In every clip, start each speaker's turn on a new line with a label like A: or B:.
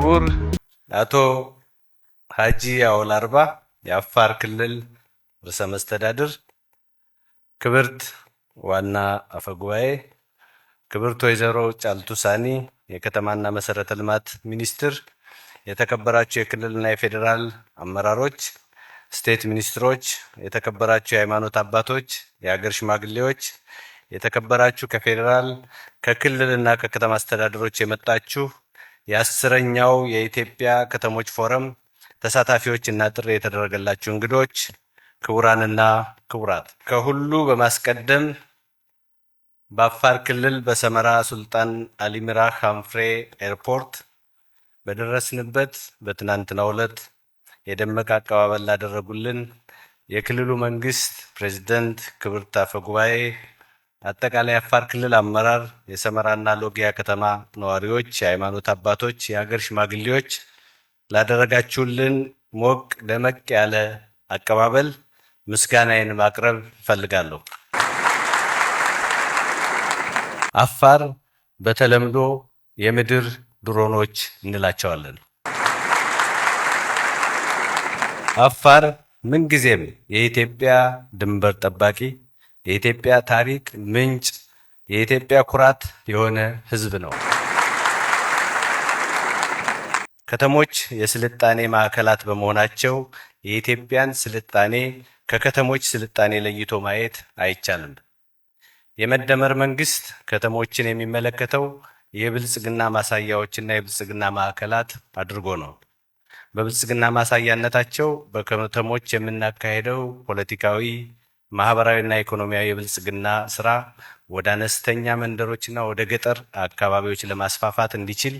A: ክቡር አቶ ሀጂ አወል አርባ የአፋር ክልል ርዕሰ መስተዳድር፣ ክብርት ዋና አፈጉባኤ፣ ክብርት ወይዘሮ ጫልቱ ሳኒ የከተማና መሰረተ ልማት ሚኒስትር፣ የተከበራቸው የክልልና የፌዴራል አመራሮች፣ ስቴት ሚኒስትሮች፣ የተከበራቸው የሃይማኖት አባቶች፣ የሀገር ሽማግሌዎች፣ የተከበራችሁ ከፌዴራል ከክልልና ከከተማ አስተዳደሮች የመጣችሁ የአስረኛው የኢትዮጵያ ከተሞች ፎረም ተሳታፊዎች እና ጥሪ የተደረገላቸው እንግዶች፣ ክቡራንና ክቡራት፣ ከሁሉ በማስቀደም በአፋር ክልል በሰመራ ሱልጣን አሊ ሃምፍሬ ኤርፖርት በደረስንበት በትናንትናው ዕለት የደመቀ አቀባበል ላደረጉልን የክልሉ መንግስት ፕሬዚደንት፣ ክብርት አፈ ጉባኤ አጠቃላይ የአፋር ክልል አመራር፣ የሰመራና ሎጊያ ከተማ ነዋሪዎች፣ የሃይማኖት አባቶች፣ የሀገር ሽማግሌዎች ላደረጋችሁልን ሞቅ ደመቅ ያለ አቀባበል ምስጋናዬን ማቅረብ እፈልጋለሁ። አፋር በተለምዶ የምድር ድሮኖች እንላቸዋለን። አፋር ምንጊዜም የኢትዮጵያ ድንበር ጠባቂ የኢትዮጵያ ታሪክ ምንጭ፣ የኢትዮጵያ ኩራት የሆነ ህዝብ ነው። ከተሞች የስልጣኔ ማዕከላት በመሆናቸው የኢትዮጵያን ስልጣኔ ከከተሞች ስልጣኔ ለይቶ ማየት አይቻልም። የመደመር መንግስት ከተሞችን የሚመለከተው የብልጽግና ማሳያዎችና የብልጽግና ማዕከላት አድርጎ ነው። በብልጽግና ማሳያነታቸው በከተሞች የምናካሄደው ፖለቲካዊ ማህበራዊና ኢኮኖሚያዊ የብልጽግና ስራ ወደ አነስተኛ መንደሮችና ወደ ገጠር አካባቢዎች ለማስፋፋት እንዲችል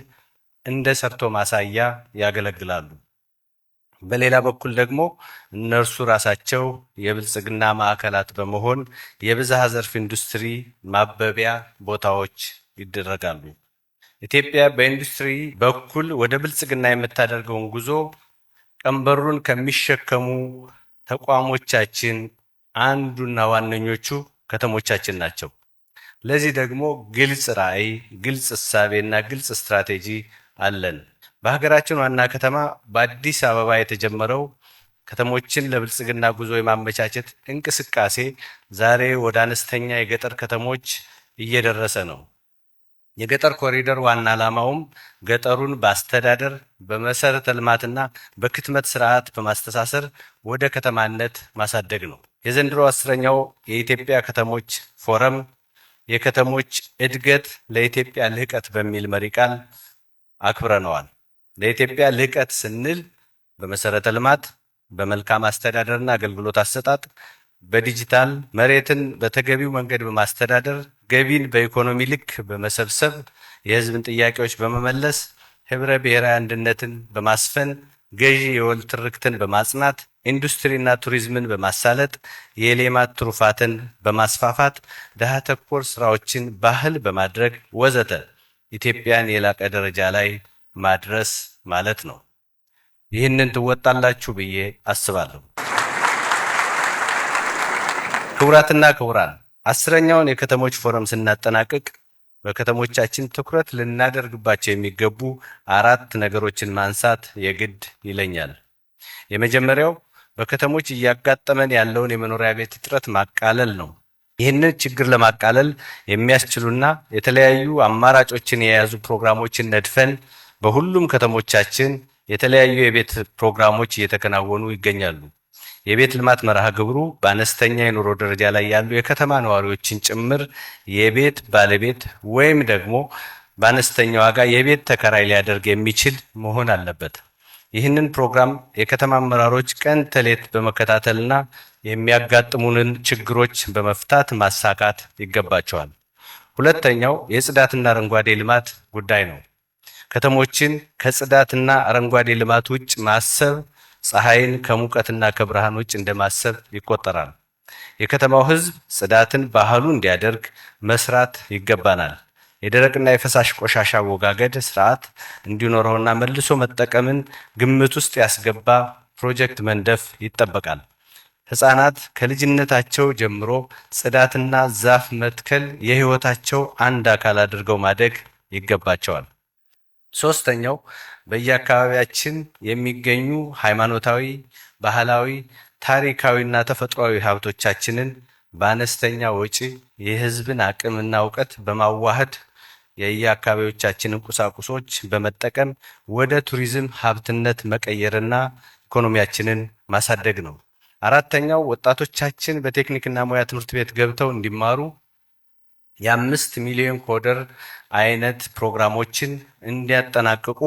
A: እንደ ሰርቶ ማሳያ ያገለግላሉ። በሌላ በኩል ደግሞ እነርሱ ራሳቸው የብልጽግና ማዕከላት በመሆን የብዝሃ ዘርፍ ኢንዱስትሪ ማበቢያ ቦታዎች ይደረጋሉ። ኢትዮጵያ በኢንዱስትሪ በኩል ወደ ብልጽግና የምታደርገውን ጉዞ ቀንበሩን ከሚሸከሙ ተቋሞቻችን አንዱና ዋነኞቹ ከተሞቻችን ናቸው። ለዚህ ደግሞ ግልጽ ራዕይ፣ ግልጽ እሳቤና ግልጽ ስትራቴጂ አለን። በሀገራችን ዋና ከተማ በአዲስ አበባ የተጀመረው ከተሞችን ለብልጽግና ጉዞ የማመቻቸት እንቅስቃሴ ዛሬ ወደ አነስተኛ የገጠር ከተሞች እየደረሰ ነው። የገጠር ኮሪደር ዋና ዓላማውም ገጠሩን በአስተዳደር በመሰረተ ልማትና በክትመት ስርዓት በማስተሳሰር ወደ ከተማነት ማሳደግ ነው። የዘንድሮ አስረኛው የኢትዮጵያ ከተሞች ፎረም የከተሞች እድገት ለኢትዮጵያ ልህቀት በሚል መሪ ቃል አክብረነዋል። ለኢትዮጵያ ልህቀት ስንል በመሰረተ ልማት፣ በመልካም አስተዳደርና አገልግሎት አሰጣጥ፣ በዲጂታል መሬትን በተገቢው መንገድ በማስተዳደር ገቢን በኢኮኖሚ ልክ በመሰብሰብ የህዝብን ጥያቄዎች በመመለስ ህብረ ብሔራዊ አንድነትን በማስፈን ገዢ የወል ትርክትን በማጽናት ኢንዱስትሪና ቱሪዝምን በማሳለጥ የሌማት ትሩፋትን በማስፋፋት ድሃ ተኮር ስራዎችን ባህል በማድረግ ወዘተ ኢትዮጵያን የላቀ ደረጃ ላይ ማድረስ ማለት ነው። ይህንን ትወጣላችሁ ብዬ አስባለሁ። ክቡራትና ክቡራን፣ አስረኛውን የከተሞች ፎረም ስናጠናቅቅ በከተሞቻችን ትኩረት ልናደርግባቸው የሚገቡ አራት ነገሮችን ማንሳት የግድ ይለኛል። የመጀመሪያው በከተሞች እያጋጠመን ያለውን የመኖሪያ ቤት እጥረት ማቃለል ነው። ይህንን ችግር ለማቃለል የሚያስችሉና የተለያዩ አማራጮችን የያዙ ፕሮግራሞችን ነድፈን በሁሉም ከተሞቻችን የተለያዩ የቤት ፕሮግራሞች እየተከናወኑ ይገኛሉ። የቤት ልማት መርሃ ግብሩ በአነስተኛ የኑሮ ደረጃ ላይ ያሉ የከተማ ነዋሪዎችን ጭምር የቤት ባለቤት ወይም ደግሞ በአነስተኛ ዋጋ የቤት ተከራይ ሊያደርግ የሚችል መሆን አለበት። ይህንን ፕሮግራም የከተማ አመራሮች ቀን ተሌት በመከታተልና የሚያጋጥሙንን ችግሮች በመፍታት ማሳካት ይገባቸዋል። ሁለተኛው የጽዳትና አረንጓዴ ልማት ጉዳይ ነው። ከተሞችን ከጽዳትና አረንጓዴ ልማት ውጭ ማሰብ ፀሐይን ከሙቀትና ከብርሃን ውጭ እንደ ማሰብ ይቆጠራል። የከተማው ሕዝብ ጽዳትን ባህሉ እንዲያደርግ መስራት ይገባናል። የደረቅና የፈሳሽ ቆሻሻ አወጋገድ ስርዓት እንዲኖረውና መልሶ መጠቀምን ግምት ውስጥ ያስገባ ፕሮጀክት መንደፍ ይጠበቃል። ህጻናት ከልጅነታቸው ጀምሮ ጽዳትና ዛፍ መትከል የህይወታቸው አንድ አካል አድርገው ማደግ ይገባቸዋል። ሶስተኛው በየአካባቢያችን የሚገኙ ሃይማኖታዊ፣ ባህላዊ፣ ታሪካዊና ተፈጥሯዊ ሀብቶቻችንን በአነስተኛ ወጪ የህዝብን አቅምና እውቀት በማዋሃድ የየአካባቢዎቻችንን ቁሳቁሶች በመጠቀም ወደ ቱሪዝም ሀብትነት መቀየርና ኢኮኖሚያችንን ማሳደግ ነው። አራተኛው ወጣቶቻችን በቴክኒክና ሙያ ትምህርት ቤት ገብተው እንዲማሩ የአምስት ሚሊዮን ኮደር አይነት ፕሮግራሞችን እንዲያጠናቅቁ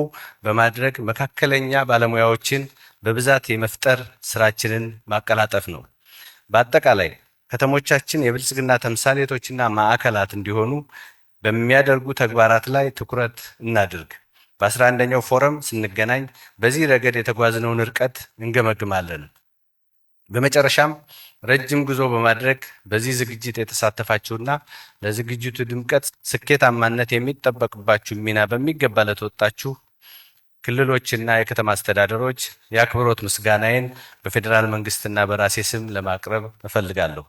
A: በማድረግ መካከለኛ ባለሙያዎችን በብዛት የመፍጠር ስራችንን ማቀላጠፍ ነው። በአጠቃላይ ከተሞቻችን የብልጽግና ተምሳሌቶችና ማዕከላት እንዲሆኑ በሚያደርጉ ተግባራት ላይ ትኩረት እናድርግ። በአስራ አንደኛው ፎረም ስንገናኝ በዚህ ረገድ የተጓዝነውን ርቀት እንገመግማለን። በመጨረሻም ረጅም ጉዞ በማድረግ በዚህ ዝግጅት የተሳተፋችሁና ለዝግጅቱ ድምቀት ስኬታማነት የሚጠበቅባችሁ ሚና በሚገባ ለተወጣችሁ ክልሎችና የከተማ አስተዳደሮች የአክብሮት ምስጋናዬን በፌዴራል መንግስትና በራሴ ስም ለማቅረብ እፈልጋለሁ።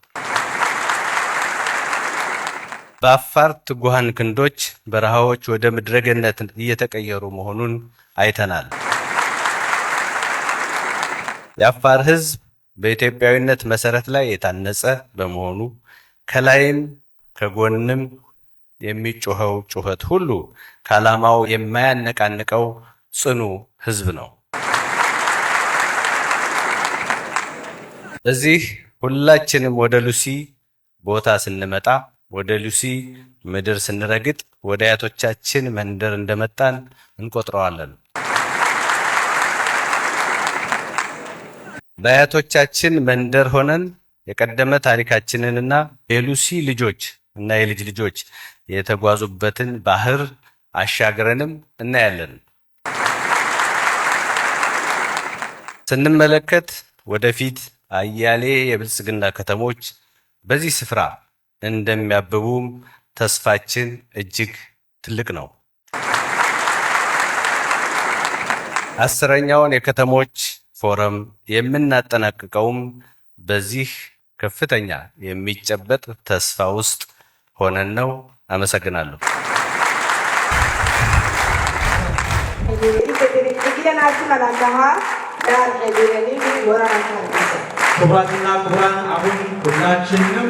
A: በአፋር ትጉሃን ክንዶች በረሃዎች ወደ ምድረገነት እየተቀየሩ መሆኑን አይተናል። የአፋር ሕዝብ በኢትዮጵያዊነት መሰረት ላይ የታነጸ በመሆኑ ከላይም ከጎንም የሚጮኸው ጩኸት ሁሉ ከዓላማው የማያነቃንቀው ጽኑ ሕዝብ ነው። እዚህ ሁላችንም ወደ ሉሲ ቦታ ስንመጣ ወደ ሉሲ ምድር ስንረግጥ ወደ አያቶቻችን መንደር እንደመጣን እንቆጥረዋለን። በአያቶቻችን መንደር ሆነን የቀደመ ታሪካችንንና የሉሲ ልጆች እና የልጅ ልጆች የተጓዙበትን ባህር አሻግረንም እናያለን። ስንመለከት ወደፊት አያሌ የብልጽግና ከተሞች በዚህ ስፍራ እንደሚያብቡም ተስፋችን እጅግ ትልቅ ነው። አስረኛውን የከተሞች ፎረም የምናጠናቅቀውም በዚህ ከፍተኛ የሚጨበጥ ተስፋ ውስጥ ሆነን ነው። አመሰግናለሁ። ክቡራትና ክቡራን አሁን ሁላችንም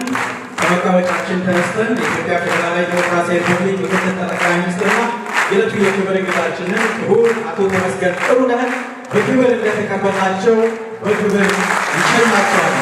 A: ከመቀመጫችን ተነስተን የኢትዮጵያ ፌዴራላዊ ዴሞክራሲያዊ ሪፐብሊክ ምክትል ጠቅላይ ሚኒስትርና የዕለቱ የክብር እንግዳችንን አቶ ተመስገን ጥሩነህን በክብር በክብር